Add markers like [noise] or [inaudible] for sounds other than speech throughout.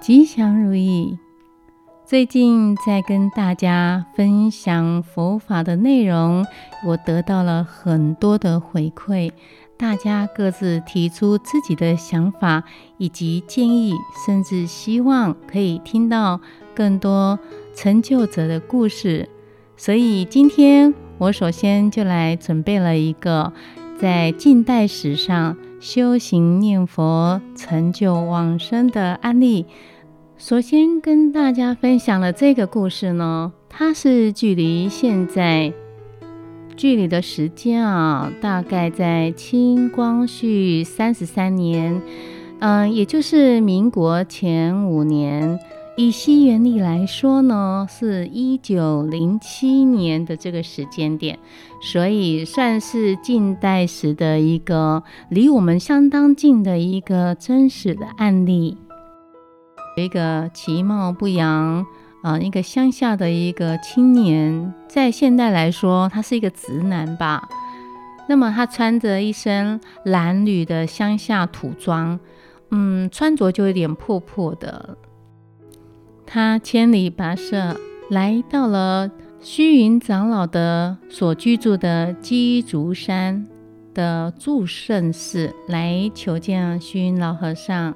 吉祥如意！最近在跟大家分享佛法的內容，我得到了很多的回饋。大家各自提出自己的想法以及建議，甚至希望可以聽到更多成就者的故事。所以今天我首先就來準備了一個在近代史上修行念佛、成就往生的案例。首先跟大家分享了這個故事呢，它是距離現在距離的時間啊，大概在清光緒三十三年，嗯、呃，也就是民國前五年，以西元曆來說呢，是一九零七年的這個時間點，所以算是近代史的一個離我們相當近的一個真實的案例。一個其貌不揚，啊、呃，一個鄉下的一個青年，在現代來說，他是一個直男吧。那麼他穿着一身襤褸的鄉下土裝，嗯，穿着就有點破破的。他千里跋涉，來到了虛雲長老的所居住的雞足山的祝聖寺，來求見虛雲老和尚。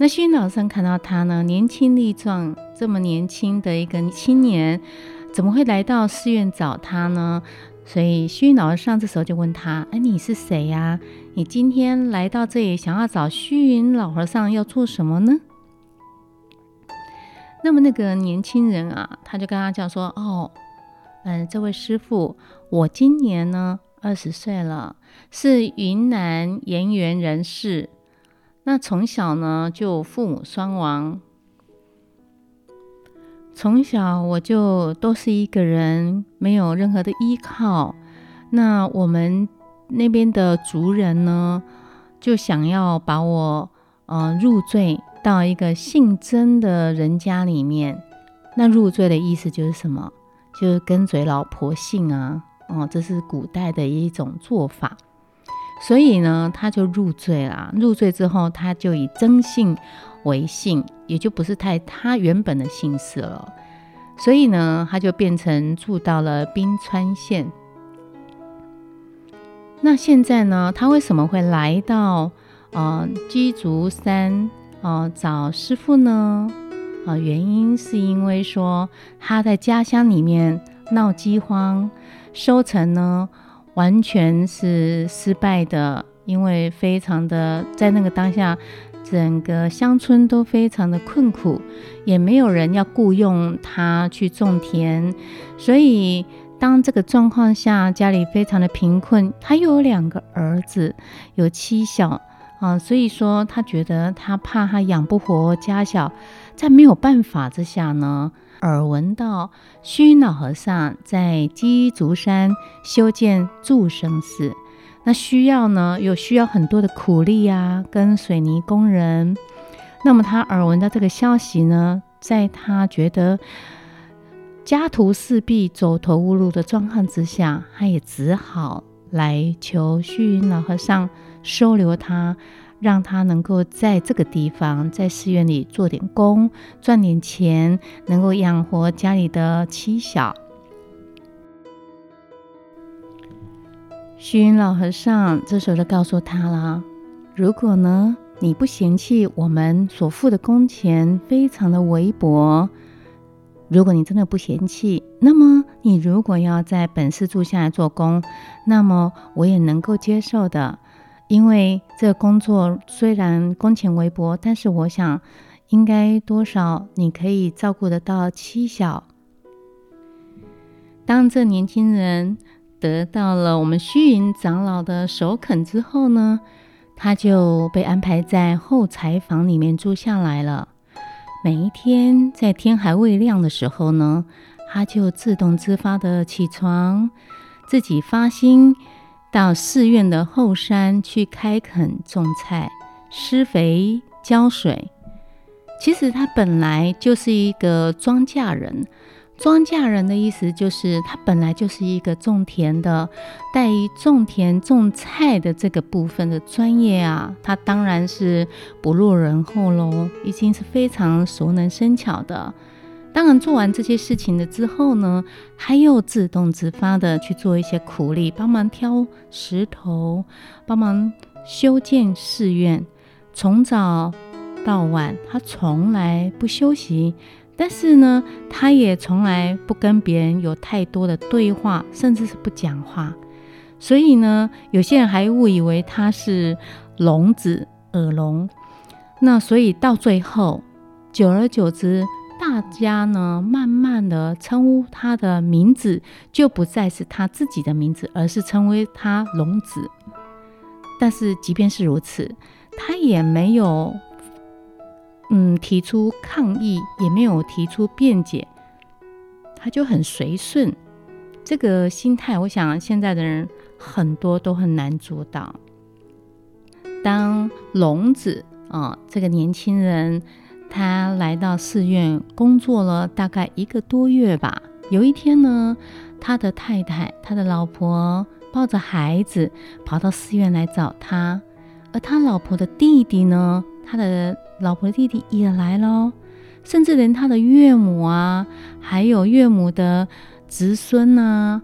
那虛雲老和尚看到他呢，年輕力壯，這麼年輕的一個青年，怎麼會來到寺院找他呢？所以虛雲老和尚這時候就問他：“哎，你是誰呀、啊？你今天來到這裡，想要找虛雲老和尚要做什麼呢？”那麼那個年輕人啊，他就跟他講說：“哦，嗯、呃，這位師父，我今年呢二十歲了，是雲南鹽源人士。”那從小呢，就父母雙亡。從小我就都是一個人，沒有任何的依靠。那我們那邊的族人呢，就想要把我，呃，入贅到一個姓曾的人家裡面。那入贅的意思就是什麼？就是跟隨老婆姓啊，哦、嗯，這是古代的一種做法。所以呢，他就入贅了。入贅之後，他就以曾姓為姓，也就不是太他原本的姓氏了。所以呢，他就變成住到了賓川縣。那現在呢，他為什麼會來到呃雞足山啊、呃、找師父呢？啊、呃，原因是因為說他在家鄉裡面鬧饑荒，收成呢。完全是失敗的，因為非常的在那個當下，整個鄉村都非常的困苦，也沒有人要僱傭他去種田。所以，當這個狀況下，家裡非常的貧困，他又有兩個兒子，有妻小啊、呃，所以說他覺得他怕他養不活家小，在沒有辦法之下呢。耳聞到虛雲老和尚在雞足山修建祝聖寺，那需要呢，又需要很多的苦力啊，跟水泥工人。那麼他耳聞到這個消息呢，在他覺得家徒四壁、走投無路的狀況之下，他也只好來求虛雲老和尚收留他。讓他能夠在這個地方，在寺院裡做點工，賺點錢，能夠養活家裡的妻小。虛雲老和尚這時候就告訴他了：“如果呢，你不嫌棄我們所付的工錢非常的微薄，如果你真的不嫌棄，那麼你如果要在本寺住下來做工，那麼我也能夠接受的。”因為這工作雖然工錢微薄，但是我想，應該多少你可以照顧得到妻小。當這年輕人得到了我們虛雲長老的首肯之後呢，他就被安排在後柴房裡面住下來了。每一天在天還未亮的時候呢，他就自動自發地起床，自己發心。到寺院的後山去開墾種菜、施肥、澆水。其實他本來就是一個莊稼人，莊稼人的意思就是他本來就是一個種田的，對於種田種菜的這個部分的專業啊，他當然是不落人後嘍，已經是非常熟能生巧的。當然，做完這些事情了之後呢，他又自動自發的去做一些苦力，幫忙挑石頭，幫忙修建寺院，從早到晚，他從來不休息。但是呢，他也從來不跟別人有太多的對話，甚至是不講話。所以呢，有些人還誤以為他是聾子、耳聾。那所以到最後，久而久之，大家呢，慢慢的稱呼他的名字，就不再是他自己的名字，而是稱為他聾子。但是即便是如此，他也沒有，嗯，提出抗議，也沒有提出辯解，他就很隨順。這個心態，我想現在的人很多都很難做到。當聾子啊，呃，這個年輕人。他來到寺院工作了大概一個多月吧。有一天呢，他的太太，他的老婆抱着孩子跑到寺院來找他。而他老婆的弟弟呢，他的老婆的弟弟也來了，甚至連他的岳母啊，還有岳母的侄孫啊，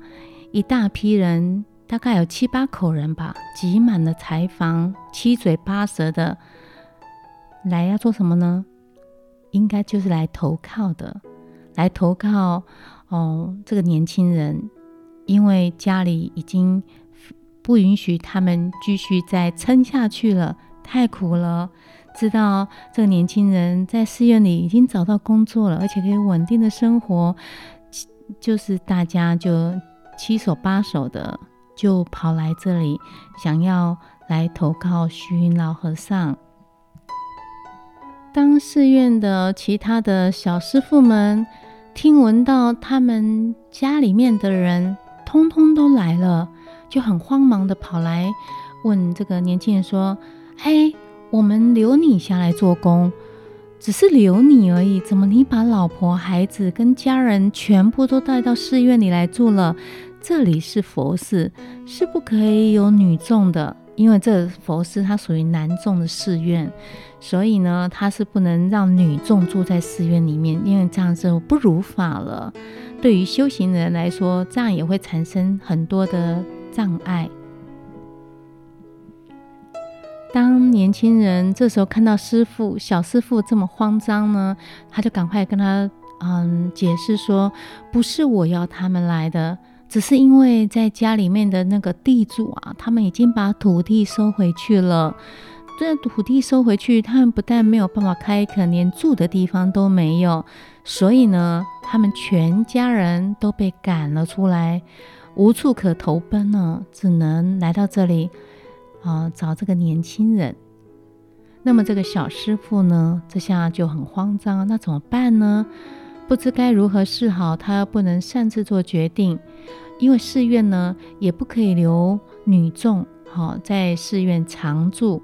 一大批人，大概有七八口人吧，擠滿了柴房，七嘴八舌的來要做什麼呢？應該就是來投靠的，來投靠哦，這個年輕人，因為家裡已經不允許他們繼續再撐下去了，太苦了。知道這個年輕人在寺院裡已經找到工作了，而且可以穩定的生活，就是大家就七手八手的就跑來這裡，想要來投靠虛雲老和尚。當寺院的其他的小師父們聽聞到他們家裡面的人通通都來了，就很慌忙的跑來問這個年輕人說：“哎，我們留你下來做工，只是留你而已，怎麼你把老婆、孩子跟家人全部都帶到寺院裡來住了？這裡是佛寺，是不可以有女眾的。”因為這佛寺它屬於男眾的寺院，所以呢，它是不能讓女眾住在寺院裡面，因為這樣就不如法了。對於修行人來說，這樣也會產生很多的障礙。當年輕人這時候看到師傅，小師傅這麼慌張呢，他就趕快跟他嗯解釋說：“不是我要他們來的。”只是因為在家裡面的那個地主啊，他們已經把土地收回去了。這土地收回去，他們不但沒有辦法開墾，連住的地方都沒有。所以呢，他們全家人都被趕了出來，無處可投奔呢，只能來到這裡啊，找這個年輕人。那麼這個小師傅呢，這下就很慌張，那怎麼辦呢？不知該如何是好，他不能擅自做決定。因為寺院呢，也不可以留女眾，好、哦、在寺院常住，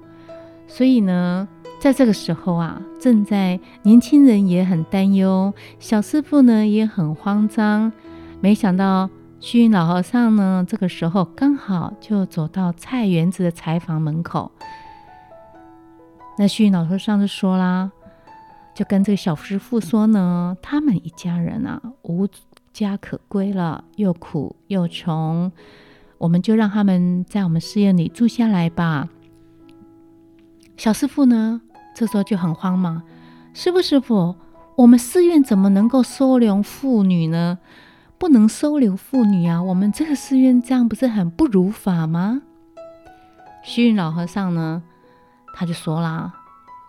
所以呢，在這個時候啊，正在年輕人也很擔憂，小師傅呢也很慌張。沒想到虛雲老和尚呢，這個時候剛好就走到菜園子的柴房門口。那虛雲老和尚就說啦，就跟這個小師傅說呢，他們一家人啊，無。家可歸了，又苦又窮，我們就讓他們在我們寺院裡住下來吧。小師傅呢，這時候就很慌嘛：“師傅，師傅，我們寺院怎麼能夠收留婦女呢？不能收留婦女啊！我們這個寺院這樣不是很不如法嗎？”虛雲老和尚呢，他就說啦：“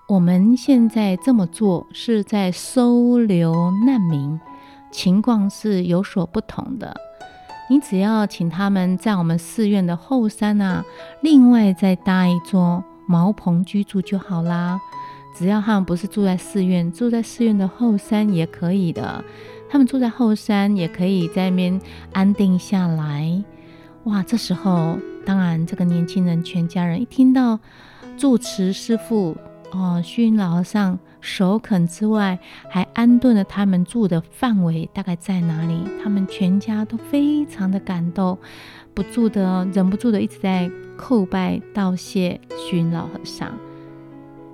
我們現在這麼做，是在收留難民。”情況是有所不同的，你只要請他們在我們寺院的後山啊，另外再搭一座茅棚居住就好啦。只要他們不是住在寺院，住在寺院的後山也可以的。他們住在後山，也可以在那邊安定下來。哇，這時候，當然這個年輕人全家人一聽到住持師父哦，虛雲老和尚。首肯之外，還安頓了他們住的範圍大概在哪裡？他們全家都非常的感動，不住的忍不住的一直在叩拜道謝巡。虛雲老和尚，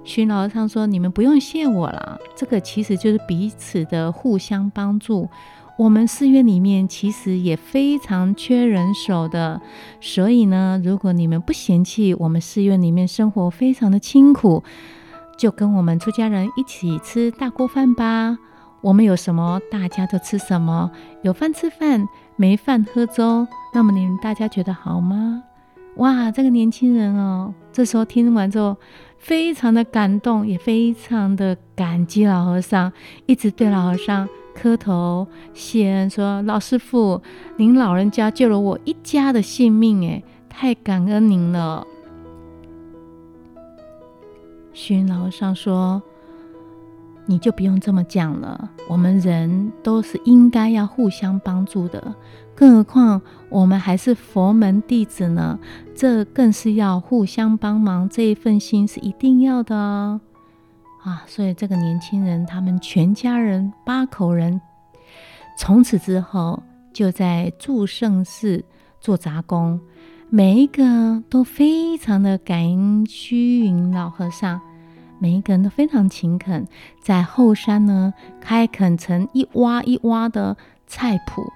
虛雲老和尚說：“你們不用謝我了，這個其實就是彼此的互相幫助。我們寺院裡面其實也非常缺人手的，所以呢，如果你們不嫌棄，我們寺院裡面生活非常的清苦。”就跟我們出家人一起吃大鍋飯吧，我們有什麼，大家都吃什麼。有飯吃飯，沒飯喝粥，那麼你們大家覺得好嗎？哇，這個年輕人哦，這時候聽完之後，非常的感動，也非常的感激老和尚，一直對老和尚磕頭謝恩，說老師傅，您老人家救了我一家的性命，哎，太感恩您了。虛雲老和尚說：“你就不用這麼講了，我們人都是應該要互相幫助的，更何況我們還是佛門弟子呢，這更是要互相幫忙，這一份心是一定要的哦。”啊，所以這個年輕人他們全家人八口人，從此之後就在祝聖寺做雜工，每一個都非常的感恩虛雲老和尚。每一個人都非常勤懇，在後山呢開墾成一洼一洼的菜圃，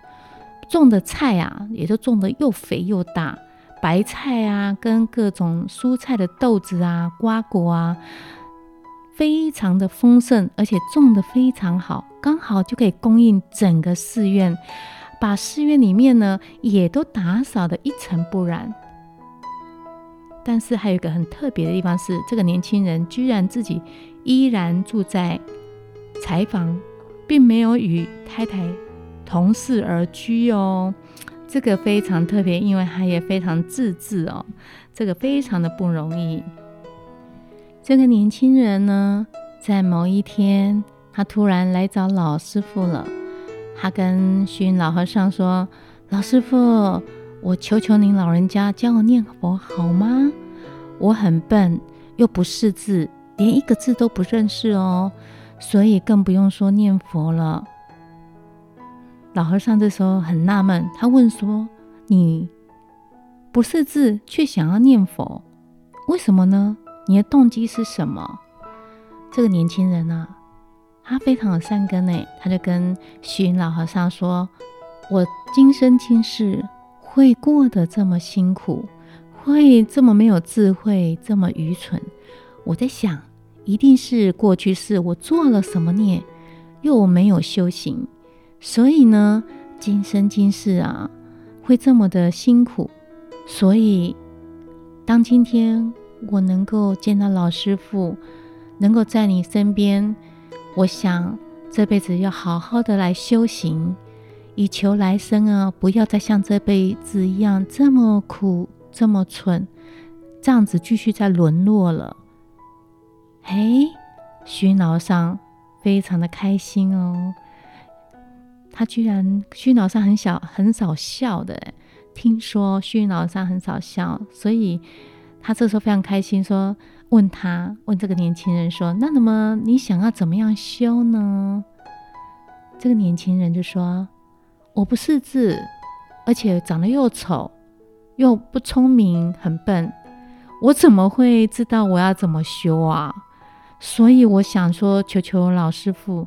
種的菜啊，也都種得又肥又大，白菜啊，跟各種蔬菜的豆子啊、瓜果啊，非常的豐盛，而且種得非常好，剛好就可以供應整個寺院，把寺院裡面呢也都打掃得一塵不染。但是還有一個很特別的地方是，這個年輕人居然自己依然住在柴房，並沒有與太太同室而居哦。這個非常特別，因為他也非常自制哦。這個非常的不容易。這個年輕人呢，在某一天，他突然來找老師傅了。他跟虛雲老和尚說：“老師傅。”我求求您老人家教我念佛好嗎？我很笨，又不識字，連一個字都不認識哦，所以更不用說念佛了。老和尚這時候很納悶，他問說：“你不識字卻想要念佛，為什麼呢？你的動機是什麼？”這個年輕人啊，他非常的善根誒，他就跟虛雲老和尚說：“我今生今世……”會過得這麼辛苦，會這麼沒有智慧，這麼愚蠢。我在想，一定是過去世我做了什麼孽，又我沒有修行，所以呢，今生今世啊，會這麼的辛苦。所以，當今天我能夠見到老師傅，能夠在你身邊，我想這輩子要好好的來修行。以求來生啊，不要再像這輩子一樣這麼苦，這麼蠢，這樣子繼續再淪落了。誒，虛老上非常的開心哦。他居然虛老上很小很少笑的，聽說虛老上很少笑，所以他這時候非常開心說，說問他問這個年輕人說：“那那麼你想要怎麼樣修呢？”這個年輕人就說。我不識字，而且長得又醜，又不聰明，很笨。我怎麼會知道我要怎麼修啊？所以我想說，求求老師父，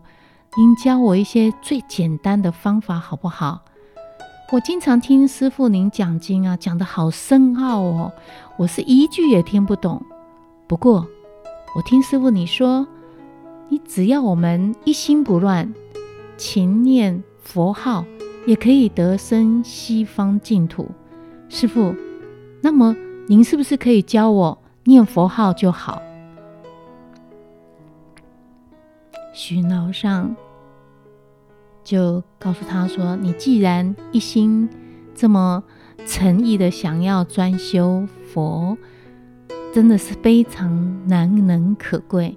您教我一些最簡單的方法好不好？我經常聽師父您講經啊，講得好深奧哦，我是一句也聽不懂。不過我聽師父你說，你只要我們一心不亂，勤念佛號。也可以得生西方淨土，師父，那麼您是不是可以教我念佛號就好？虛老上就告訴他說：“你既然一心這麼誠意的想要專修佛，真的是非常難能可貴。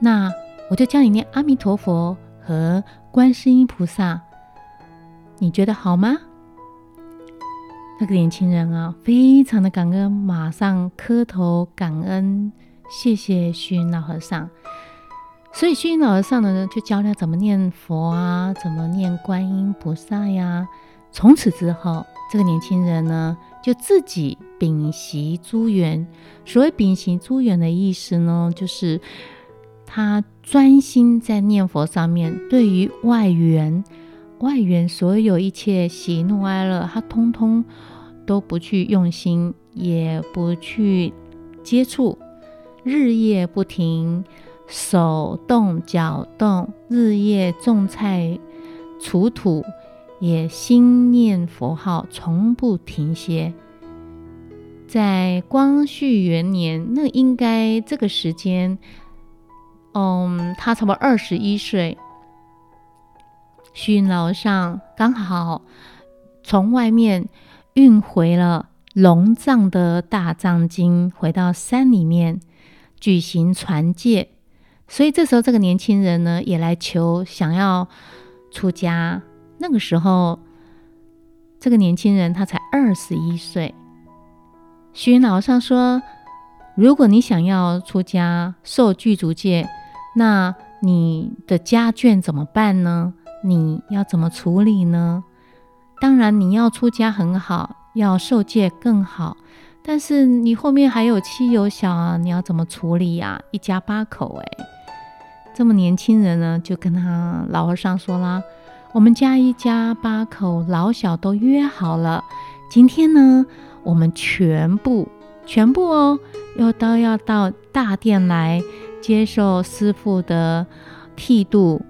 那我就教你念阿彌陀佛和觀世音菩薩。”你覺得好嗎？那個年輕人啊，非常的感恩，馬上磕頭感恩，謝謝虛雲老和尚。所以虛雲老和尚呢，就教他怎麼念佛啊，怎麼念觀音菩薩呀、啊。從此之後，這個年輕人呢，就自己屏息諸緣。所謂屏息諸緣的意思呢，就是他專心在念佛上面，對於外緣。外緣所有一切喜怒哀樂，他通通都不去用心，也不去接觸，日夜不停，手動腳動，日夜種菜鋤土，也心念佛號，從不停歇。在光緒元年，那應該這個時間，嗯，他差不多二十一歲。虛雲老上剛好從外面運回了龍藏的大藏經，回到山裡面舉行傳戒，所以這時候這個年輕人呢也來求想要出家。那個時候這個年輕人他才二十一歲。虛雲老上說：“如果你想要出家受具足戒，那你的家眷怎麼辦呢？”你要怎麼處理呢？當然，你要出家很好，要受戒更好。但是你後面還有妻有小啊，你要怎麼處理呀、啊？一家八口、欸，哎，這麼年輕人呢，就跟他老和尚說啦：「我們家一家八口老小都約好了，今天呢，我們全部全部哦，要到要到大殿來接受師父的剃度。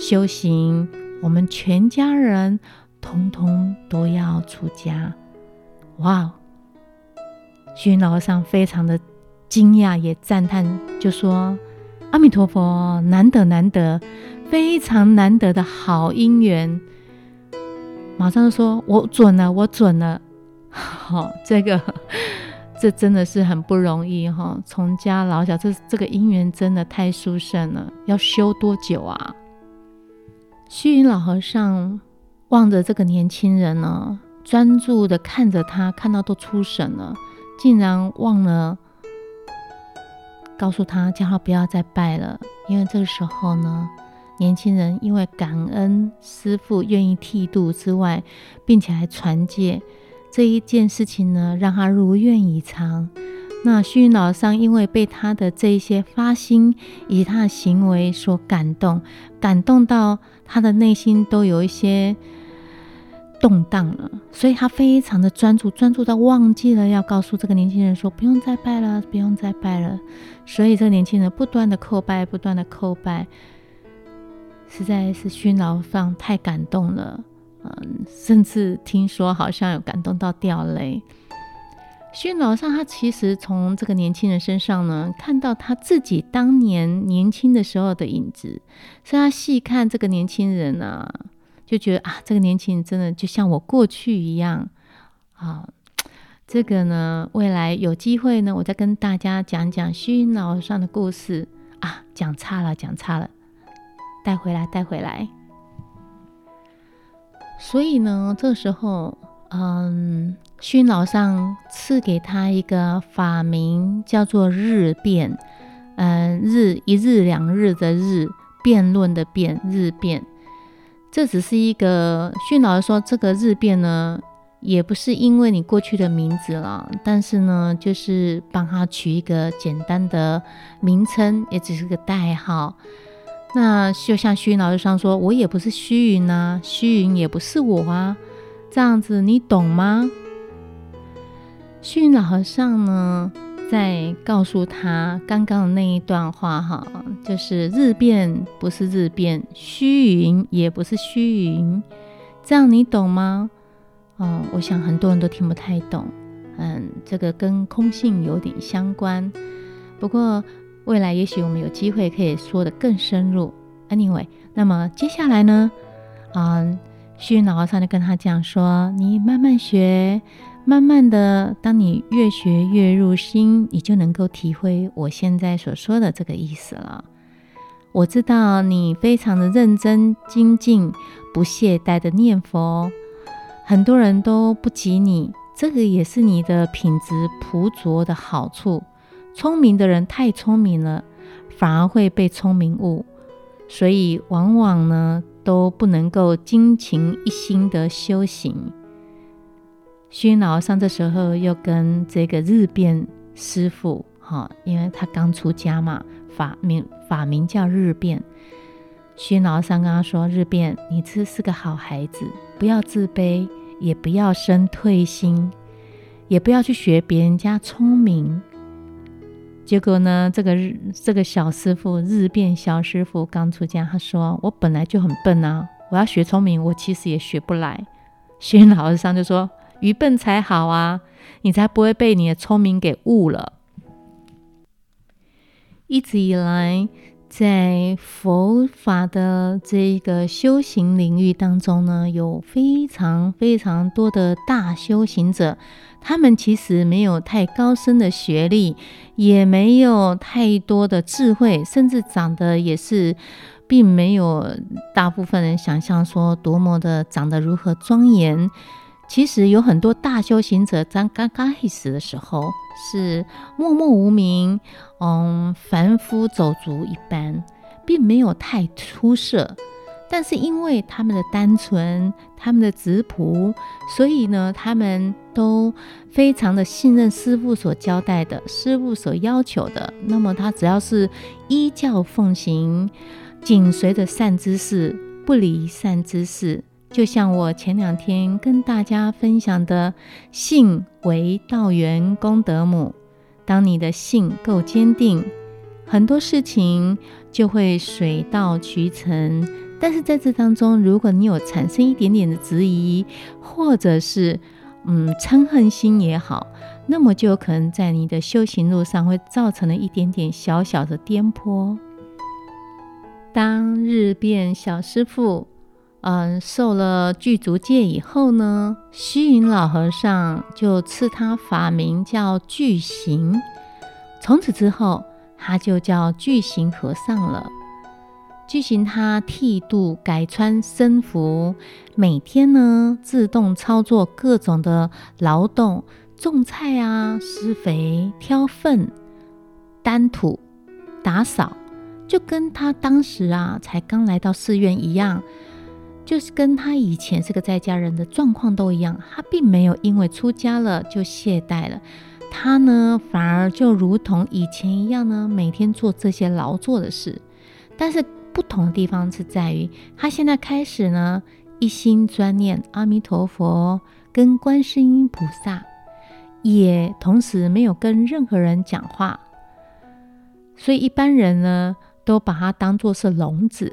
修行，我們全家人通通都要出家。哇！虛雲老和尚非常的驚訝，也讚嘆，就說：“阿彌陀佛，難得難得，非常難得的好因緣。”馬上就說：“我准了，我准了。”好，這個這真的是很不容易哈。從家老小，這這個因緣真的太殊勝了。要修多久啊？虛雲老和尚望着這個年輕人呢，專注地看着他，看到都出神了，竟然忘了告訴他叫他不要再拜了。因為這個時候呢，年輕人因為感恩師父願意剃度之外，並且還傳戒這一件事情呢，讓他如願以償。那虛雲老和尚因為被他的這一些發心以及他的行為所感動，感動到。他的內心都有一些動盪了，所以他非常的專注，專注到忘記了要告訴這個年輕人說：“不用再拜了，不用再拜了。”所以這個年輕人不斷的叩拜，不斷的叩拜，實在是虛雲長老太感動了，嗯，甚至聽說好像有感動到掉淚。虛老上，他其實從這個年輕人身上呢，看到他自己當年年輕的時候的影子，所以他細看這個年輕人呢、啊，就覺得啊，這個年輕人真的就像我過去一樣啊。這個呢，未來有機會呢，我再跟大家講講虛老上的故事啊。講岔了，講岔了，帶回來，帶回來。所以呢，這時候，嗯。虛老上賜給他一個法名，叫做日辯。嗯，日一日兩日的日，辯論的辯，日辯。這只是一個虛老說，這個日辯呢，也不是因為你過去的名字了，但是呢，就是幫他取一個簡單的名稱，也只是個代號。那就像虛老師說，我也不是虛雲吶、啊，虛雲也不是我啊，這樣子你懂嗎？虛雲老和尚呢，在告訴他剛剛的那一段話哈，就是日變不是日變，虛雲也不是虛雲，這樣你懂嗎？嗯，我想很多人都聽不太懂。嗯，這個跟空性有點相關，不過未來也許我們有機會可以說得更深入。Anyway，那麼接下來呢，嗯，虛雲老和尚就跟他講說：“你慢慢學。”慢慢的，當你越學越入心，你就能夠體會我現在所說的這個意思了。我知道你非常的認真，精進，不懈怠的念佛。很多人都不及你，這個也是你的品質樸拙的好處。聰明的人太聰明了，反而會被聰明誤，所以往往呢都不能夠精勤一心的修行。虛老上這時候又跟這個日辯師傅，哈，因為他剛出家嘛，法名，法名叫日辯。虛老上跟他說：“日辯，你這是個好孩子，不要自卑，也不要生退心，也不要去學別人家聰明。”結果呢，這個日這個小師傅日辯小師傅剛出家，他說：“我本來就很笨啊，我要學聰明，我其實也學不來。”虛老上就說。愚笨才好啊，你才不會被你的聰明給誤了。一直以來，在佛法的這個修行領域當中呢，有非常非常多的大修行者，他們其實沒有太高深的學歷，也沒有太多的智慧，甚至長得也是，並沒有大部分人想象說多麼的長得如何莊嚴。其實有很多大修行者在剛開始的時候是默默無名，嗯，凡夫走卒一般，並沒有太出色。但是因為他們的單純，他們的質樸，所以呢，他們都非常的信任師父所交代的，師父所要求的。那麼他只要是依教奉行，緊隨着善知識，不離善知識。就像我前兩天跟大家分享的，“信為道源功德母”，當你的信夠堅定，很多事情就會水到渠成。但是在這當中，如果你有產生一點點的質疑，或者是嗯嗔恨心也好，那麼就有可能在你的修行路上會造成了一點點小小的顛簸。當日變小師父。嗯、呃，受了具足戒以後呢，虛雲老和尚就賜他法名叫具行。從此之後，他就叫具行和尚了。具行他剃度改穿僧服，每天呢自動操作各種的勞動，種菜啊、施肥、挑糞、擔土、打掃，就跟他當時啊才剛來到寺院一樣。就是跟他以前是個在家人的狀況都一樣，他並沒有因為出家了就懈怠了。他呢反而就如同以前一樣呢，每天做這些勞作的事。但是不同的地方是在於，他現在開始呢一心專念阿彌陀佛，跟觀世音菩薩，也同時沒有跟任何人講話，所以一般人呢都把他當作是聾子。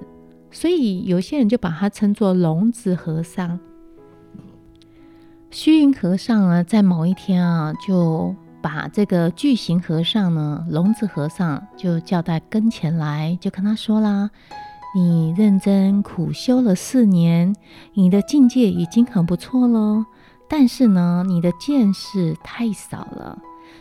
所以有些人就把他稱作聾子和尚。虛雲和尚呢，在某一天啊，就把這個具行和尚呢，聾子和尚，就叫到跟前來，就跟他說啦：“你認真苦修了四年，你的境界已經很不錯了，但是呢，你的見識太少了。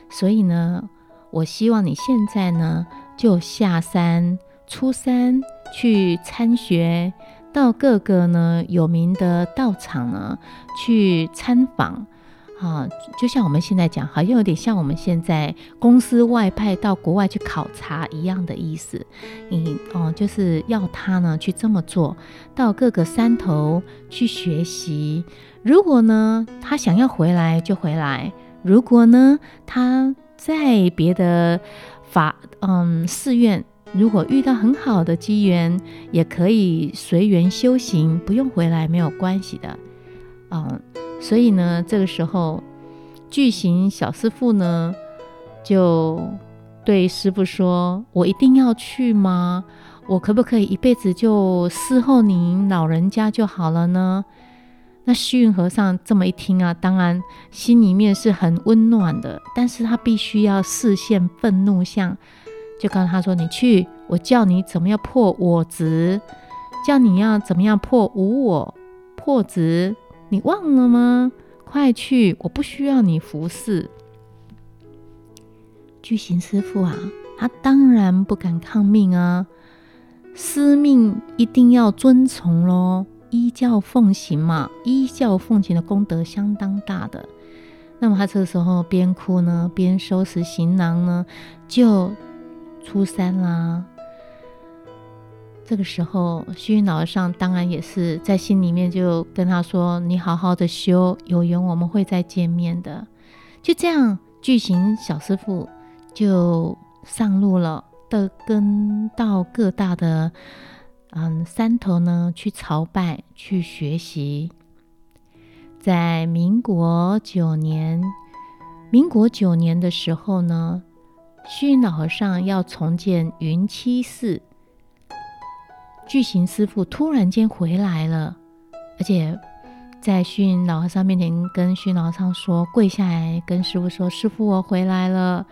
所以呢，我希望你現在呢，就下山。”初三去參學，到各個呢有名的道場呢去參訪，啊、呃，就像我們現在講，好像有點像我們現在公司外派到國外去考察一樣的意思。嗯，哦、嗯，就是要他呢去這麼做，到各個山頭去學習。如果呢他想要回來就回來，如果呢他在別的法嗯寺院。如果遇到很好的機緣，也可以隨緣修行，不用回來沒有關係的，嗯，所以呢，這個時候，具行小師父呢，就對師父說：“我一定要去嗎？我可不可以一輩子就伺候您老人家就好了呢？”那虛雲和尚這麼一聽啊，當然心裡面是很溫暖的，但是他必須要示現憤怒相。就告訴他說：“你去，我叫你怎麼樣破我執，叫你要怎麼樣破無我破執，你忘了嗎？快去！我不需要你服侍。”具行師父啊，他當然不敢抗命啊，師命一定要遵從咯，依教奉行嘛，依教奉行的功德相當大的。那麼他這個時候邊哭呢，邊收拾行囊呢，就。初三啦，這個時候，虛雲老和尚當然也是在心裡面就跟他說：“你好好的修，有緣我們會再見面的。”就這樣，具行小師父就上路了，的跟到各大的嗯山頭呢去朝拜、去學習。在民國九年，民國九年的時候呢。虛雲老和尚要重建雲棲寺，具行師父突然間回來了，而且在虛雲老和尚面前跟虛雲老和尚說：“跪下來，跟師父說，師父，我回來了，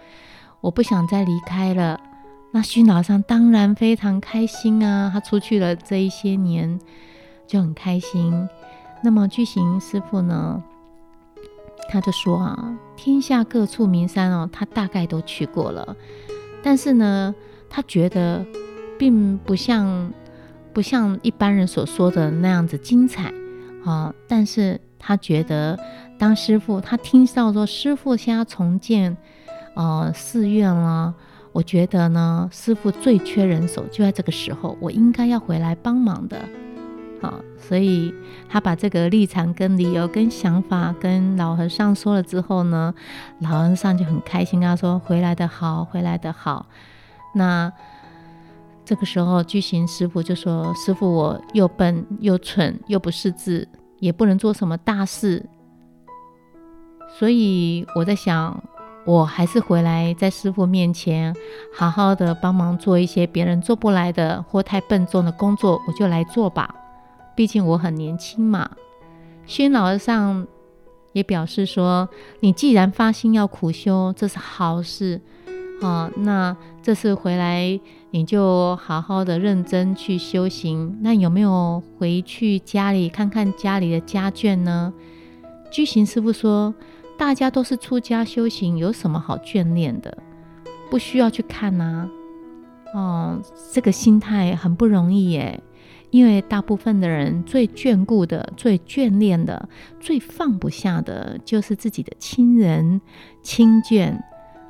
我不想再離開了。”那虛雲老和尚當然非常開心啊，他出去了這一些年就很開心。那麼具行師父呢？他就說啊，天下各處名山哦，他大概都去過了，但是呢，他覺得並不像不像一般人所說的那樣子精彩啊。但是他覺得，當師父，他聽到說師父現在重建呃寺院了，我覺得呢，師父最缺人手，就在這個時候，我應該要回來幫忙的。啊，所以他把這個立場，跟理由，跟想法跟老和尚說了之後呢，老和尚就很開心，啊，他說：“回來的好，回來的好。那”那這個時候，具行師傅就說：“師傅，我又笨又蠢，又不識字，也不能做什麼大事，所以我在想，我還是回來在師傅面前，好好的幫忙做一些別人做不來的或太笨重的工作，我就來做吧。”畢竟我很年輕嘛，虛老和尚也表示說：“你既然發心要苦修，這是好事。哦、嗯，那這次回來，你就好好的認真去修行。那有沒有回去家裡看看家裡的家眷呢？”具行師父說：“大家都是出家修行，有什麼好眷戀的？不需要去看吶、啊。哦、嗯，這個心態很不容易耶、欸。”因為大部分的人最眷顧的、最眷戀的、最放不下的，就是自己的親人、親眷。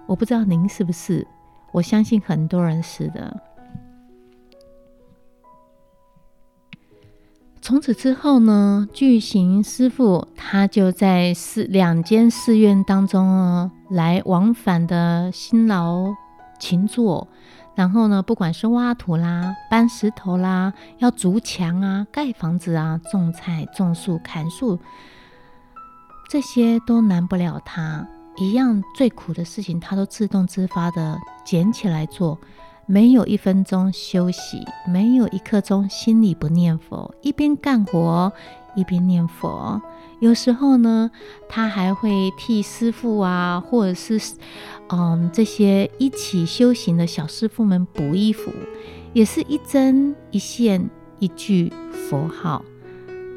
我不知道您是不是？我相信很多人是的。從此之後呢，具行師父他就在寺兩間寺院當中呢，來往返的辛勞勤作。然後呢，不管是挖土啦、搬石頭啦，要築牆啊、蓋房子啊、種菜、種樹、砍樹，這些都難不了他。一樣最苦的事情，他都自動自發地撿起來做，沒有一分鐘休息，沒有一刻鐘心裡不念佛。一邊幹活，一邊念佛。有時候呢，他還會替師父啊，或者是。嗯，這些一起修行的小師父們補衣服，也是一針一線一句佛號。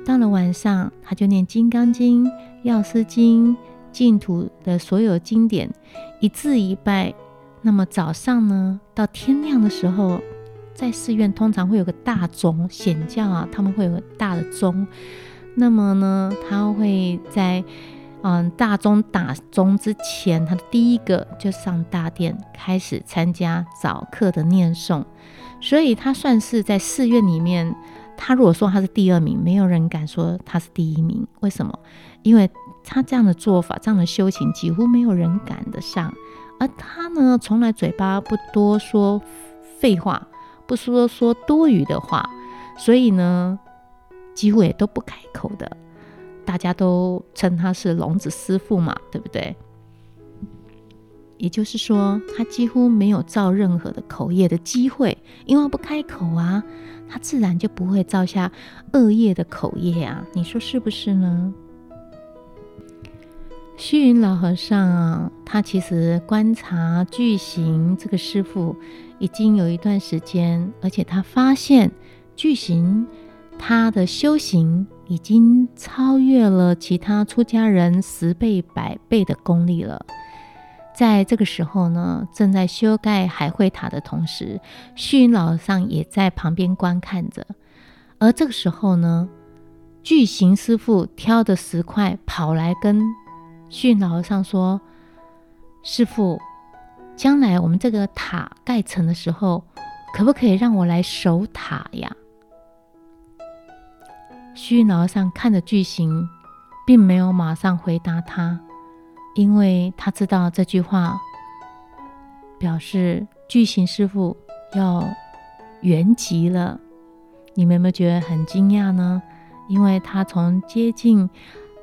到了晚上，他就念《金剛經》《藥師經》淨土的所有經典，一字一拜。那麼早上呢，到天亮的時候，在寺院通常會有個大鐘顯教啊，他們會有個大的鐘。那麼呢，他會在。嗯，大鐘打鐘之前，他的第一個就上大殿開始參加早課的念誦，所以他算是在寺院裡面，他如果說他是第二名，沒有人敢說他是第一名。為什麼？因為他這樣的做法、這樣的修行，幾乎沒有人趕得上。而他呢，從來嘴巴不多說廢話，不說說多餘的話，所以呢，幾乎也都不開口的。大家都稱他是聾子師父嘛，對不對？也就是說，他幾乎沒有造任何的口業的機會，因為不開口啊，他自然就不會造下惡業的口業啊。你說是不是呢？虛雲老和尚啊，他其實觀察具行這個師父已經有一段時間，而且他發現具行。他的修行已經超越了其他出家人十倍百倍的功力了。在這個時候呢，正在修蓋海會塔的同時，虛雲老和尚也在旁邊觀看着。而這個時候呢，具行師傅挑着石塊跑來跟虛雲老和尚說：“師傅，將來我們這個塔蓋成的時候，可不可以讓我來守塔呀？”虛雲老和尚看着具行，並沒有馬上回答他，因為他知道這句話表示具行師父要圓寂了。你們有沒有覺得很驚訝呢？因為他從接近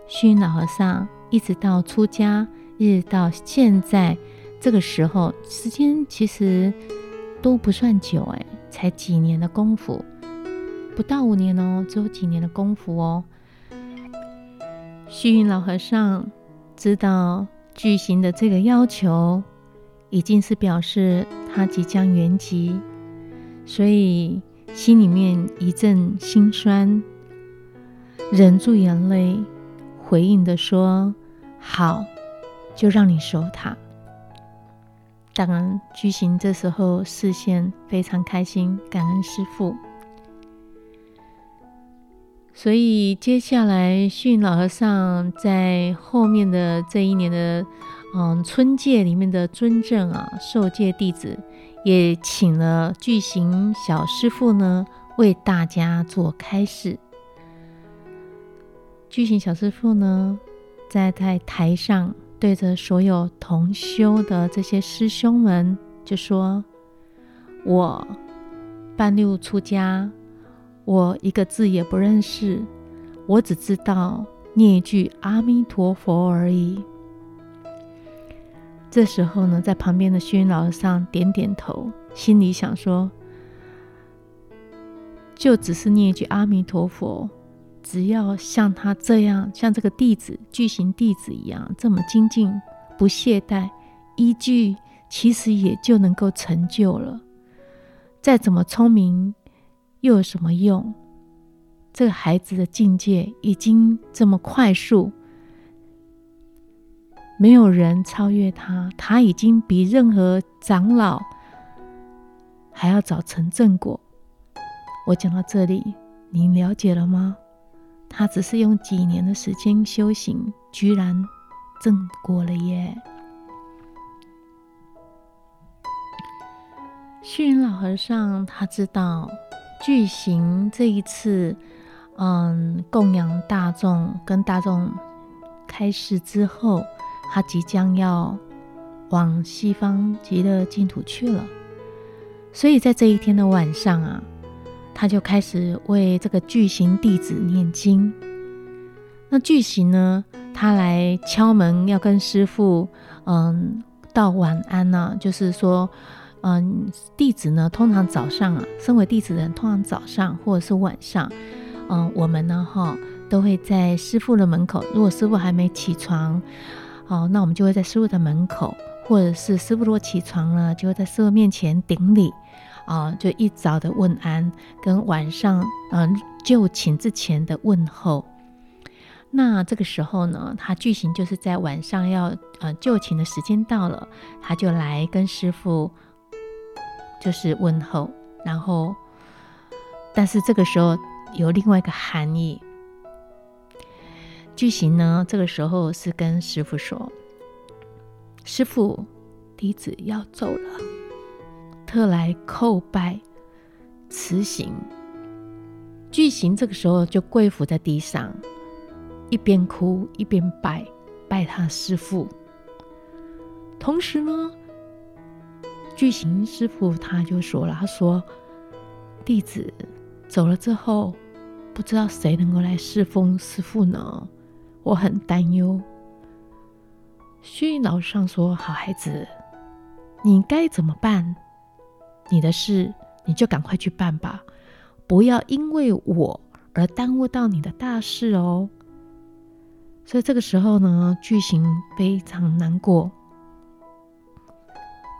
虛雲老和尚，一直到出家，一直到現在這個時候，時間其實都不算久，哎，才幾年的功夫。不到五年哦，只有幾年的功夫哦。虛雲老和尚知道具行的這個要求，已經是表示他即將圓寂，所以心裡面一陣心酸，忍住眼淚，回應的說：“好，就讓你守塔。”當然，具行這時候視線非常開心，感恩師父。所以，接下來虛雲老和尚在後面的這一年的，嗯，春戒裡面的尊證啊，受戒弟子也請了具行小師父呢，為大家做開示。具行小師父呢，在在台上對着所有同修的這些師兄們就說：“我半路出家。”我一個字也不認識，我只知道念一句阿彌陀佛而已。這時候呢，在旁邊的虛雲老和尚點點頭，心裡想說：就只是念一句阿彌陀佛，只要像他這樣，像這個弟子、具行弟子一樣這麼精進、不懈怠，一句其實也就能夠成就了。再怎麼聰明。又有什麼用？這個孩子的境界已經這麼快速，沒有人超越他，他已經比任何長老還要早成正果。我講到這裡，您了解了嗎？他只是用幾年的時間修行，居然正果了耶！虛雲老和尚他知道。具行這一次，嗯，供養大眾跟大眾開示之後，他即將要往西方極樂淨土去了，所以在這一天的晚上啊，他就開始為這個具行弟子念經。那具行呢，他來敲門要跟師父，嗯，道晚安啊，就是說。嗯，弟子呢，通常早上啊，身為弟子的人通常早上或者是晚上，嗯，我們呢哈都會在師父的門口。如果師父還沒起床，哦、呃，那我們就會在師父的門口，或者是師父如果起床了，就會在師父面前頂禮，啊、呃，就一早的問安，跟晚上嗯、呃、就寢之前的問候。那這個時候呢，他具行就是在晚上要呃就寢的時間到了，他就來跟師父。就是問候，然後，但是這個時候有另外一個含義。具行呢，這個時候是跟師父說：“師父，弟子要走了，特來叩拜辭行。”具行這個時候就跪伏在地上，一邊哭一邊拜拜他師父，同時呢。具行師父他就說了：“他說，弟子走了之後，不知道誰能夠來侍奉師父呢？我很擔憂。”虛雲老上說：“好孩子，你該怎麼辦？你的事你就趕快去辦吧，不要因為我而耽誤到你的大事哦。”所以這個時候呢，具行非常難過。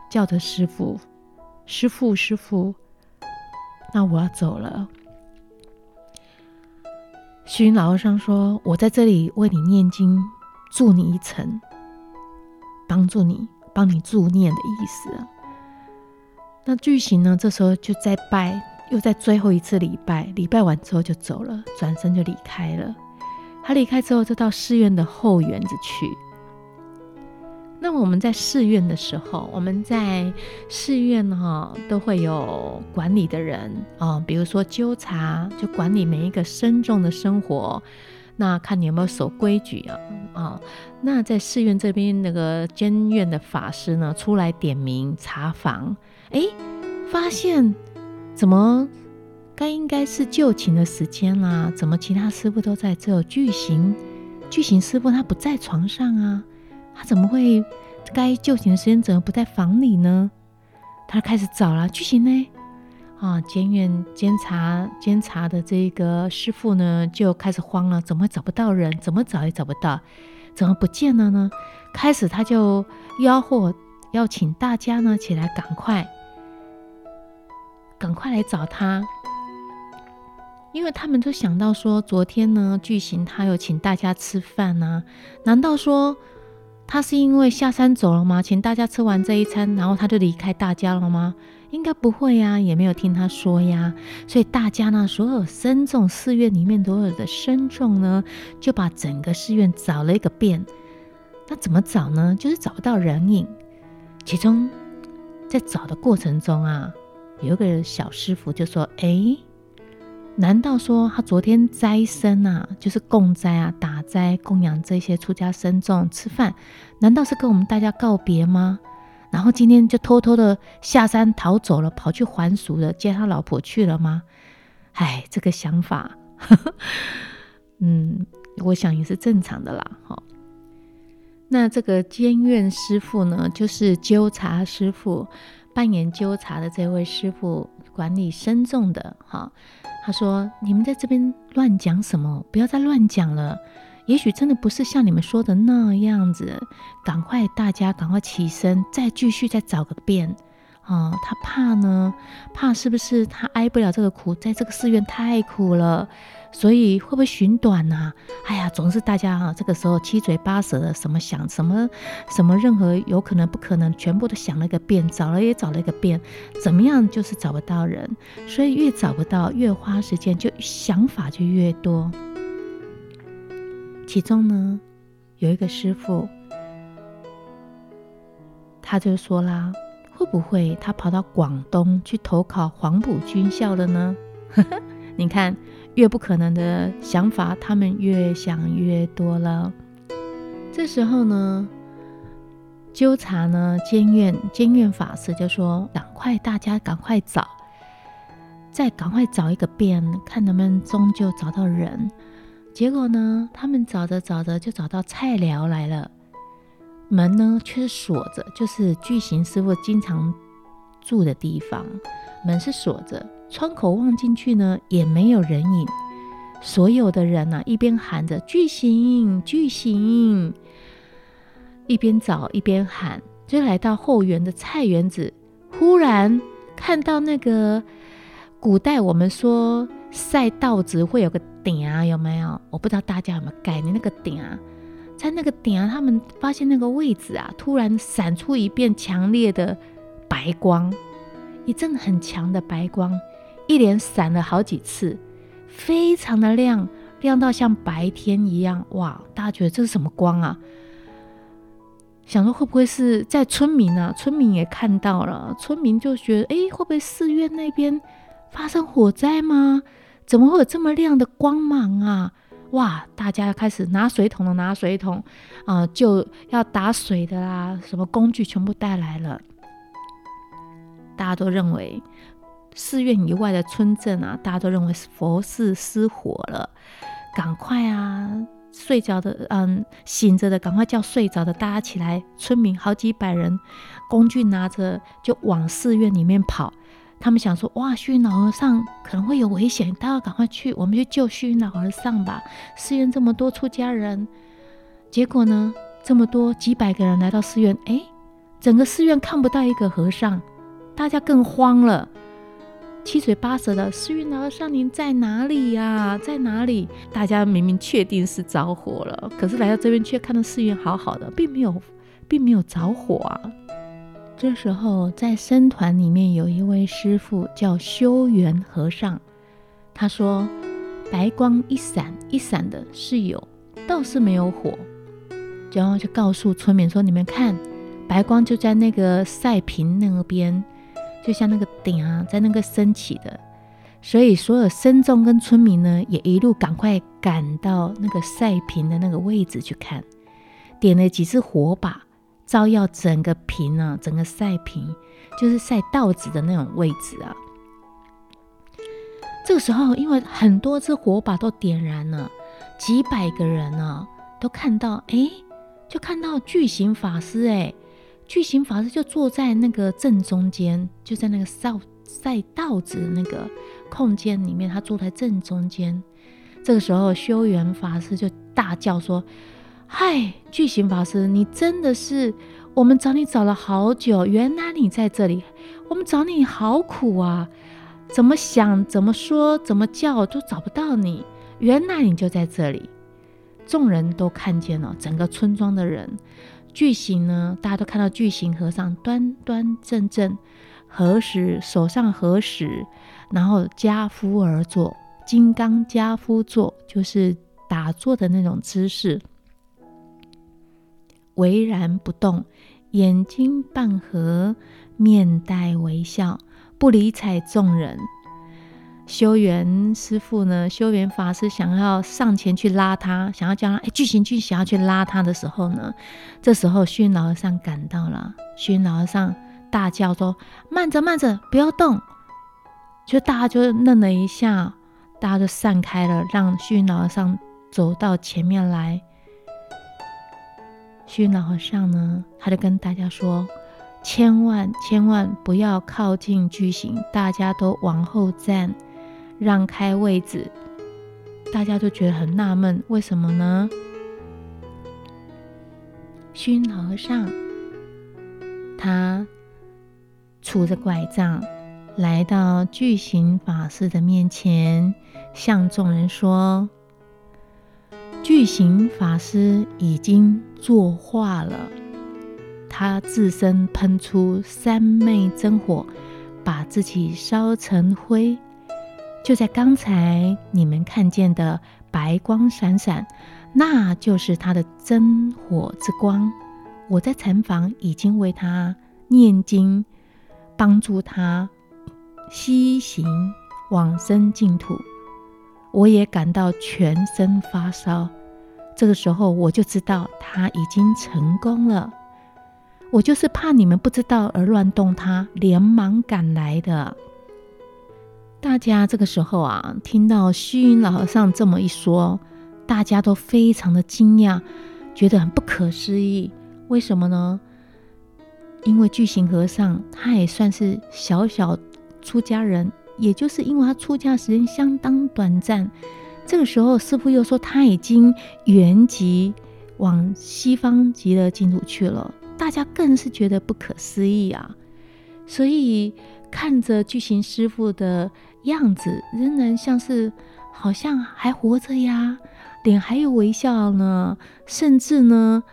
叫着師父，師父，師父，那我要走了。虛雲老和尚說：“我在這裡為你念經，助你一程，幫助你，幫你助念的意思。”那具行呢？這時候就在拜，又在最後一次禮拜，禮拜完之後就走了，轉身就離開了。他離開之後，就到寺院的後園子去。那我們在寺院的時候，我們在寺院哈、哦、都會有管理的人啊、哦，比如說糾察，就管理每一個僧眾的生活，那看你有沒有守規矩啊啊、哦。那在寺院這邊那個監院的法師呢，出來點名查房，哎，發現怎麼該應該是就寢的時間啦、啊，怎麼其他師父都在，這具行具行師父他不在床上啊？他怎麼會該救醒的時間怎麼不在房裡呢？他開始找了具行呢，啊，監院監察監察的這個師父呢就開始慌了，怎麼找不到人？怎麼找也找不到？怎麼不見了呢？開始他就吆喝，要請大家呢起來，趕快，趕快來找他，因為他們就想到說，昨天呢具行他有請大家吃飯呢、啊，難道說？他是因為下山走了嗎？請大家吃完這一餐，然後他就離開大家了嗎？應該不會呀、啊，也沒有聽他說呀。所以大家呢，所有僧眾寺院裡面所有的僧眾呢，就把整個寺院找了一個遍。那怎麼找呢？就是找不到人影。其中在找的過程中啊，有一個小師父就說：“哎。”難道說他昨天齋僧啊，就是供齋啊、打齋、供養這些出家僧眾吃飯？難道是跟我們大家告別嗎？然後今天就偷偷的下山逃走了，跑去還俗的接他老婆去了嗎？哎，這個想法呵呵，嗯，我想也是正常的啦。哈、哦，那這個監院師傅呢，就是糾察師傅，扮演糾察的這位師傅管理僧眾的，哈、哦。他說：“你們在這邊亂講什麼？不要再亂講了。也許真的不是像你們說的那樣子。趕快，大家趕快起身，再繼續再找個遍。啊、哦，他怕呢，怕是不是他挨不了這個苦，在這個寺院太苦了。”所以會不會尋短呢、啊？哎呀，總是大家啊，這個時候七嘴八舌的，什麼想什麼，什麼任何有可能不可能，全部都想了個遍，找了也找了一個遍，怎麼樣就是找不到人，所以越找不到越花時間，就想法就越多。其中呢，有一個師父，他就說啦，會不會他跑到廣東去投考黃埔軍校了呢？ [laughs] 你看。越不可能的想法，他們越想越多了。這時候呢，糾察呢監院監院法師就說：“趕快，大家趕快找，再趕快找一個遍，看能不能終究找到人。”結果呢，他們找着找着就找到菜寮來了，門呢卻是鎖着，就是具行師傅經常住的地方，門是鎖着。窗口望進去呢，也沒有人影。所有的人呢、啊，一邊喊着“具行具行”，一邊找，一邊喊，就來到後園的菜園子。忽然看到那個古代，我們說曬稻子會有個頂啊，有沒有？我不知道大家有沒有概念，那個頂啊，在那個頂啊，他們發現那個位置啊，突然閃出一片強烈的白光，一陣很強的白光。一連閃了好幾次，非常的亮，亮到像白天一樣。哇！大家覺得這是什麼光啊？想說會不會是在村民啊？村民也看到了，村民就覺得，誒、欸，會不會寺院那邊發生火災嗎？怎麼會有這麼亮的光芒啊？哇！大家開始拿水桶的拿水桶啊、呃，就要打水的啦，什麼工具全部帶來了。大家都認為。寺院以外的村鎮啊，大家都認為是佛寺失火了，趕快啊！睡着的，嗯，醒着的，趕快叫睡着的大家起來。村民好幾百人，工具拿着就往寺院裡面跑。他們想說：“哇，虛老和尚可能會有危險，大家趕快去，我們去救虛老和尚吧。”寺院這麼多出家人，結果呢，這麼多幾百個人來到寺院，哎，整個寺院看不到一個和尚，大家更慌了。七嘴八舌的，寺院的和尚在哪裡呀、啊？在哪裡？大家明明確定是着火了，可是來到這邊卻看到寺院好好的，並沒有，並沒有着火啊。這時候，在僧團裡面有一位師父叫修緣和尚，他說：“白光一閃一閃的，是有，倒是沒有火。”然後就告訴村民說：“你們看，白光就在那個曬坪那邊。”就像那個頂啊，在那個升起的，所以所有僧眾跟村民呢，也一路趕快趕到那個曬坪的那個位置去看，點了幾支火把，照耀整個坪啊，整個曬坪就是曬稻子的那種位置啊。這個時候，因為很多支火把都點燃了，幾百個人呢、啊、都看到，哎，就看到具行法師、欸，哎。具行法師就坐在那個正中間，就在那個曬稻子那個空間裡面，他坐在正中間。這個時候，修緣法師就大叫說：“嗨，具行法師，你真的是我們找你找了好久，原來你在這裡。我們找你好苦啊，怎麼想、怎麼說、怎麼叫都找不到你，原來你就在這裡。”眾人都看見了，整個村莊的人。具行呢？大家都看到具行和尚端端正正，合十，手上合十，然後跏趺而坐，金剛跏趺坐，就是打坐的那種姿勢，巍然不動，眼睛半合，面帶微笑，不理睬眾人。修緣師父呢，修緣法師想要上前去拉他，想要叫他哎，具行具行，想要去拉他的時候呢，這時候，虛雲老和尚趕到了。虛雲老和尚大叫說：“慢着，慢着，不要動！”就大家就愣了一下，大家都散開了，讓虛雲老和尚走到前面來。虛雲老和尚呢，他就跟大家說：“千萬千萬不要靠近具行，大家都往後站。”讓開位置，大家就覺得很納悶，為什麼呢？虛雲老和尚他拄着拐杖來到具行法師的面前，向眾人說：“具行法師已經坐化了，他自身噴出三昧真火，把自己燒成灰。”就在剛才，你們看見的白光閃閃，那就是他的真火之光。我在禪房已經為他念經，幫助他西行往生淨土。我也感到全身發燒，這個時候我就知道他已經成功了。我就是怕你們不知道而亂動他，連忙趕來的。大家這個時候啊，聽到虛雲老和尚這麼一說，大家都非常的驚訝，覺得很不可思議。為什麼呢？因為具行和尚他也算是小小出家人，也就是因為他出家時間相當短暫。這個時候，師父又說他已經圓寂往西方極樂淨土去了，大家更是覺得不可思議啊！所以看着具行師父的。樣子仍然像是，好像還活着呀，臉還有微笑呢，甚至呢，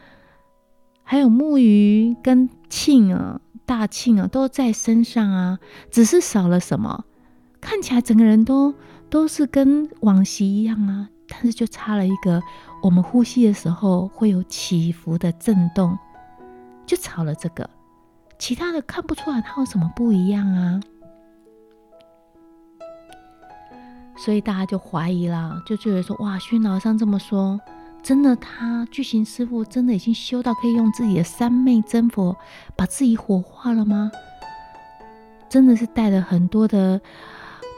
還有木魚跟磬啊、大磬啊都在身上啊，只是少了什麼，看起來整個人都都是跟往昔一樣啊，但是就差了一個我們呼吸的時候會有起伏的震動，就少了這個，其他的看不出來它有什麼不一樣啊。所以大家就懷疑了，就覺得說：哇，虛雲老和尚這麼說，真的他具行師父真的已經修到可以用自己的三昧真火把自己火化了嗎？真的是帶了很多的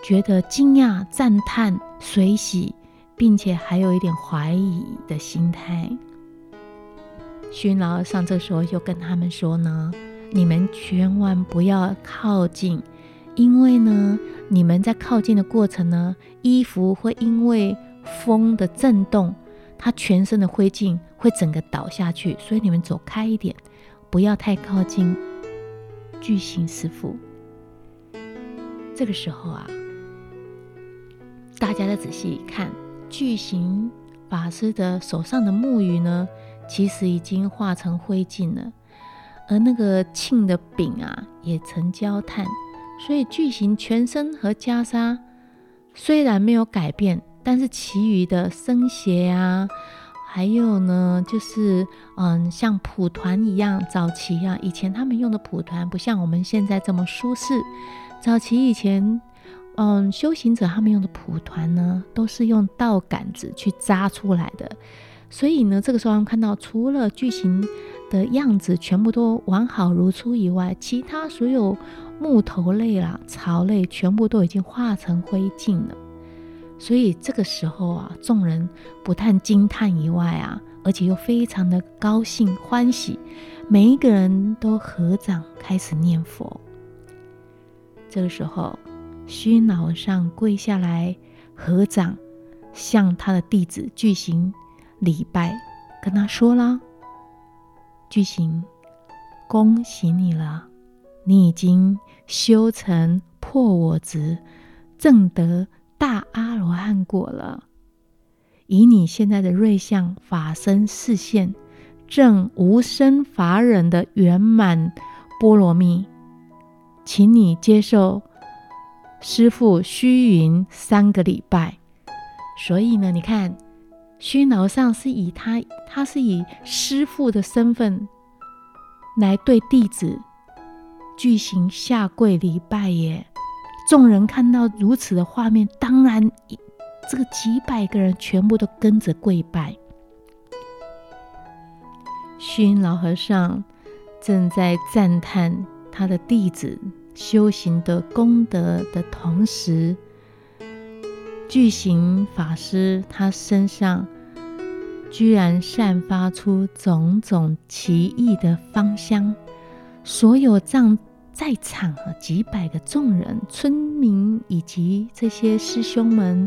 覺得驚訝、讚嘆、隨喜，並且還有一點懷疑的心態。虛雲老和尚這時候就跟他們說呢：你們千萬不要靠近。因為呢，你們在靠近的過程呢，衣服會因為風的震動，它全身的灰燼會整個倒下去，所以你們走開一點，不要太靠近具行師父。這個時候啊，大家再仔細一看，具行法師的手上的木魚呢，其實已經化成灰燼了，而那個磬的柄啊，也呈焦炭。所以具行全身和袈裟雖然沒有改變，但是其餘的僧鞋啊，還有呢，就是嗯，像蒲團一樣，早期啊，以前他們用的蒲團不像我們現在這麼舒適。早期以前，嗯，修行者他們用的蒲團呢，都是用稻杆子去扎出來的。所以呢，這個時候我們看到，除了具行的樣子全部都完好如初以外，其他所有。木頭類啦，啊，草類全部都已經化成灰燼了。所以這個時候啊，眾人不但驚嘆以外啊，而且又非常的高興歡喜，每一個人都合掌開始念佛。這個時候，虛老上跪下來合掌，向他的弟子具行禮拜，跟他說啦：“具行，恭喜你了，你已經。”修成破我執，證得大阿羅漢果了。以你現在的瑞相法身示現，證無生法忍的圓滿波羅蜜，請你接受師父虛雲三個禮拜。所以呢，你看，虛勞上是以他，他是以師父的身份來對弟子，具行下跪禮拜耶！眾人看到如此的畫面，當然，這個幾百個人全部都跟着跪拜。虛雲老和尚正在讚嘆他的弟子修行的功德的同時，具行法師他身上居然散發出種種奇異的芳香。所有在場幾百個眾人、村民以及這些師兄們，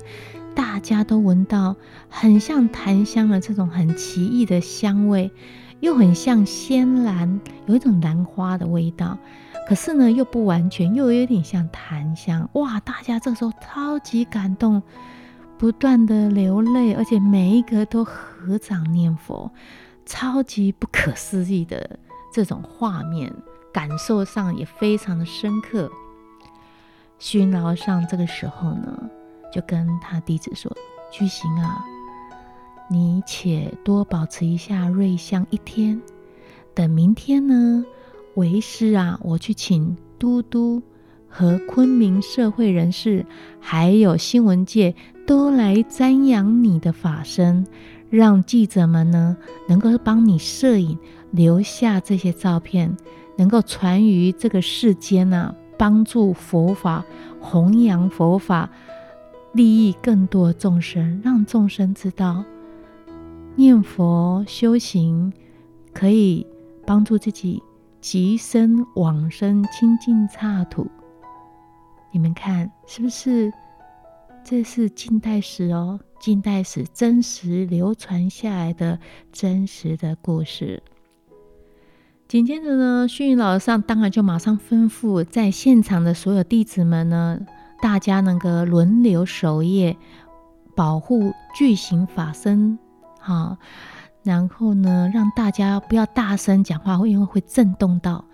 大家都聞到很像檀香的這種很奇異的香味，又很像仙蘭，有一種蘭花的味道。可是呢，又不完全，又有點像檀香。哇！大家這時候超級感動，不斷的流淚，而且每一個都合掌念佛，超級不可思議的。這種畫面感受上也非常的深刻。虛雲上這個時候呢，就跟他弟子說：“具行啊，你且多保持一下瑞相一天。等明天呢，為師啊，我去請都督和昆明社會人士，還有新聞界都來瞻仰你的法身，讓記者們呢能夠幫你攝影。”留下這些照片，能夠傳於這個世間吶、啊，幫助佛法弘揚佛法，利益更多眾生，讓眾生知道念佛修行可以幫助自己即生往生清淨剎土。你們看，是不是？這是近代史哦，近代史真實流傳下來的真實的故事。緊接着呢，虛雲老和尚當然就馬上吩咐在現場的所有弟子們呢，大家能夠輪流守夜，保護具行法身，啊，然後呢，讓大家不要大聲講話，因為會震動到，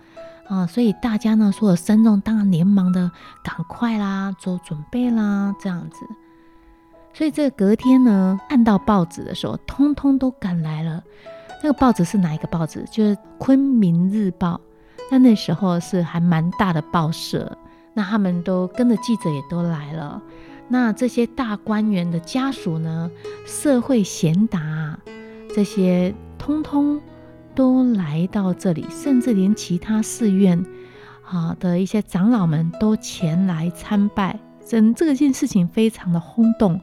啊，所以大家呢，所有僧眾當然連忙的趕快啦，做準備啦，這樣子，所以這個隔天呢，看到報紙的時候，通通都趕來了。那個報紙是哪一個報紙？就是《昆明日報》。那那時候是還蠻大的報社。那他們都跟着記者也都來了。那這些大官員的家屬呢，社會賢達這些，通通都來到這裡，甚至連其他寺院啊的一些長老們都前來參拜，整這件事情非常的轟動。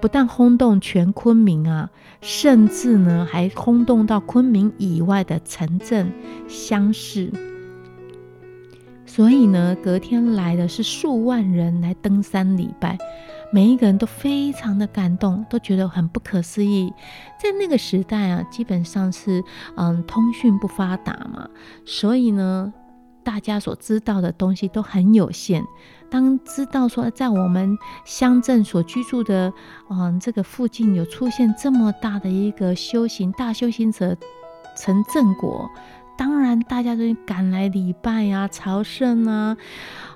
不但轟動全昆明啊，甚至呢還轟動到昆明以外的城鎮、鄉市。所以呢，隔天來的是數萬人來登山禮拜，每一個人都非常的感動，都覺得很不可思議。在那個時代啊，基本上是嗯通訊不發達嘛，所以呢。大家所知道的東西都很有限。當知道說，在我們鄉鎮所居住的，嗯，這個附近有出現這麼大的一個修行，大修行者成正果，當然大家都趕來禮拜呀、啊、朝聖啊，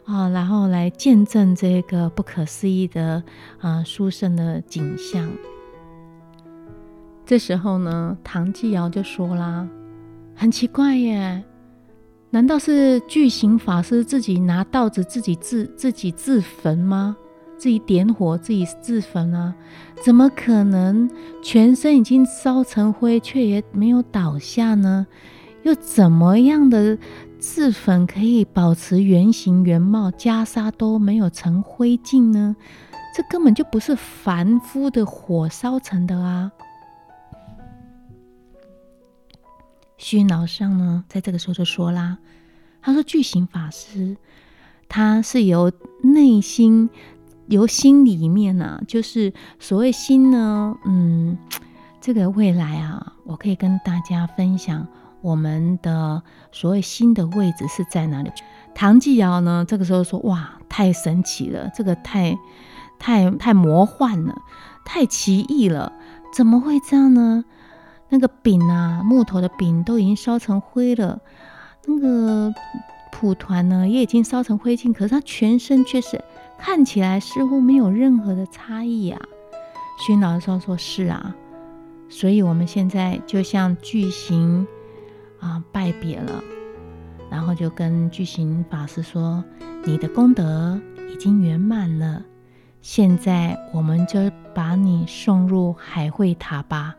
啊、嗯，然後來見證這個不可思議的啊、嗯、殊勝的景象。這時候呢，唐繼堯就說啦：“很奇怪耶。”難道是具行法師自己拿刀子自己自自己自焚嗎？自己點火自己自焚啊？怎麼可能全身已經燒成灰，卻也沒有倒下呢？又怎麼樣的自焚可以保持原形原貌，袈裟都沒有成灰燼呢？這根本就不是凡夫的火燒成的啊！虛雲老呢，在這個時候就說啦，他說：“具行法師，他是由內心、由心裡面啊，就是所謂心呢，嗯，這個未來啊，我可以跟大家分享我們的所謂心的位置是在哪裡。”唐繼堯呢，這個時候說：“哇，太神奇了，這個太太太魔幻了，太奇異了，怎麼會這樣呢？”那個餅啊，木頭的餅都已經燒成灰了。那個蒲團呢，也已經燒成灰燼。可是它全身卻是看起來似乎沒有任何的差異啊。虛雲老和尚說：“是啊，所以我們現在就向具行啊拜別了，然後就跟具行法師說：‘你的功德已經圓滿了，現在我們就把你送入海會塔吧。’”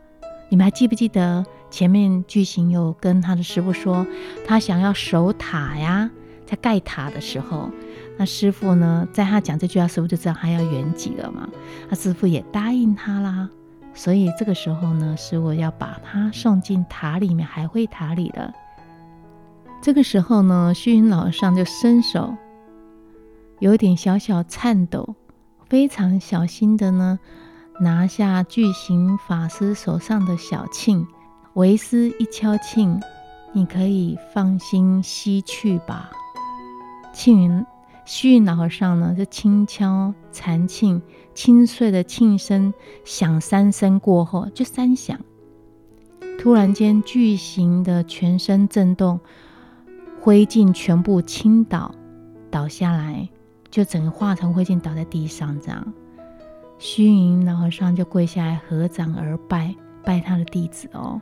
你們還記不記得前面劇情有跟他的師傅說，他想要守塔呀，在蓋塔的時候，那師傅呢，在他講這句話的時候就知道他要圓幾圓寂了嘛，那師傅也答應他啦。所以這個時候呢，師傅要把他送進塔裡面，海會塔裡的。這個時候呢，虛雲老和尚就伸手，有點小小顫抖，非常小心的呢。拿下具行法師手上的小磬，為師一敲磬，你可以放心西去吧。慶雲虛雲老和尚呢，就輕敲禪磬，清脆的磬聲響三聲過後，就三響。突然間，具行的全身震動，灰燼全部傾倒，倒下來就整個化成灰燼，倒在地上這樣。虛雲老和尚就跪下來合掌而拜，拜他的弟子哦。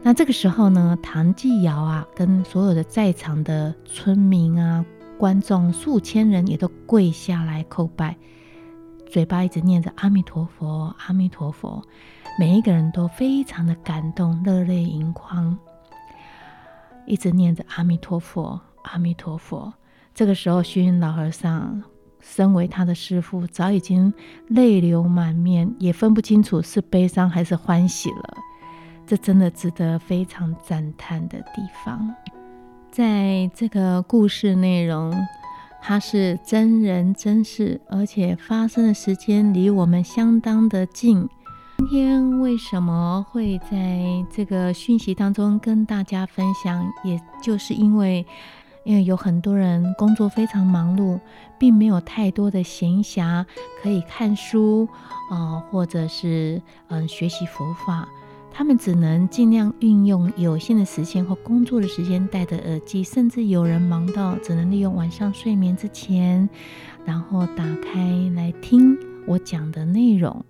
那這個時候呢，唐繼堯啊，跟所有的在場的村民啊、觀眾數千人也都跪下來叩拜，嘴巴一直念着“阿彌陀佛，阿彌陀佛”，每一個人都非常的感動，熱淚盈眶，一直念着“阿彌陀佛，阿彌陀佛”。這個時候，虛雲老和尚，身為他的師父，早已經淚流滿面，也分不清楚是悲傷還是歡喜了。這真的值得非常讚嘆的地方。在這個故事內容，它是真人真事，而且發生的時間離我們相當的近。今天為什麼會在這個訊息當中跟大家分享，也就是因為。因為有很多人工作非常忙碌，並沒有太多的閒暇可以看書啊、呃，或者是嗯、呃、學習佛法，他們只能盡量運用有限的時間或工作的時間，戴着耳機，甚至有人忙到只能利用晚上睡眠之前，然後打開來聽我講的內容。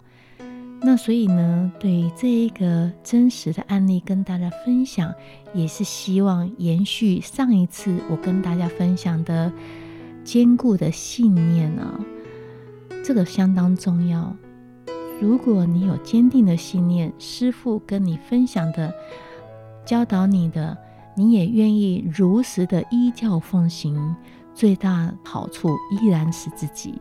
那所以呢，對於這一個真實的案例跟大家分享，也是希望延續上一次我跟大家分享的堅固的信念呢、哦，這個相當重要。如果你有堅定的信念，師父跟你分享的、教導你的，你也願意如實的依教奉行，最大好處依然是自己。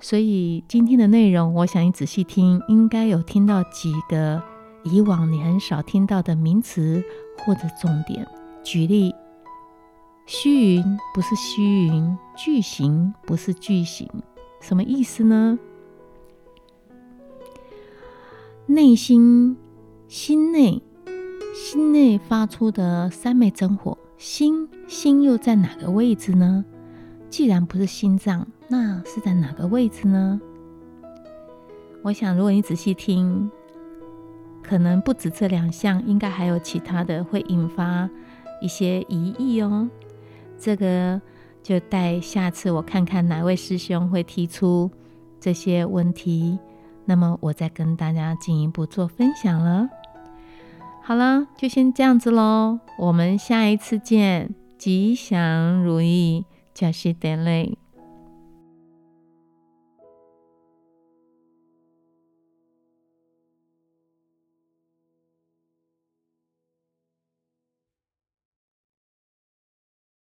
所以今天的內容，我想你仔細聽，應該有聽到幾個以往你很少聽到的名詞或者重點。舉例，虛雲不是虛雲，巨型不是巨型，什麼意思呢？內心、心內、心內發出的三昧真火，心心又在哪個位置呢？既然不是心臟。那是在哪個位置呢？我想，如果你仔細聽，可能不止這兩項，應該還有其他的會引發一些疑義哦。這個就待下次我看看哪位師兄會提出這些問題，那麼我再跟大家進一步做分享了。好啦，就先這樣子嘍，我們下一次見，吉祥如意，扎西德勒。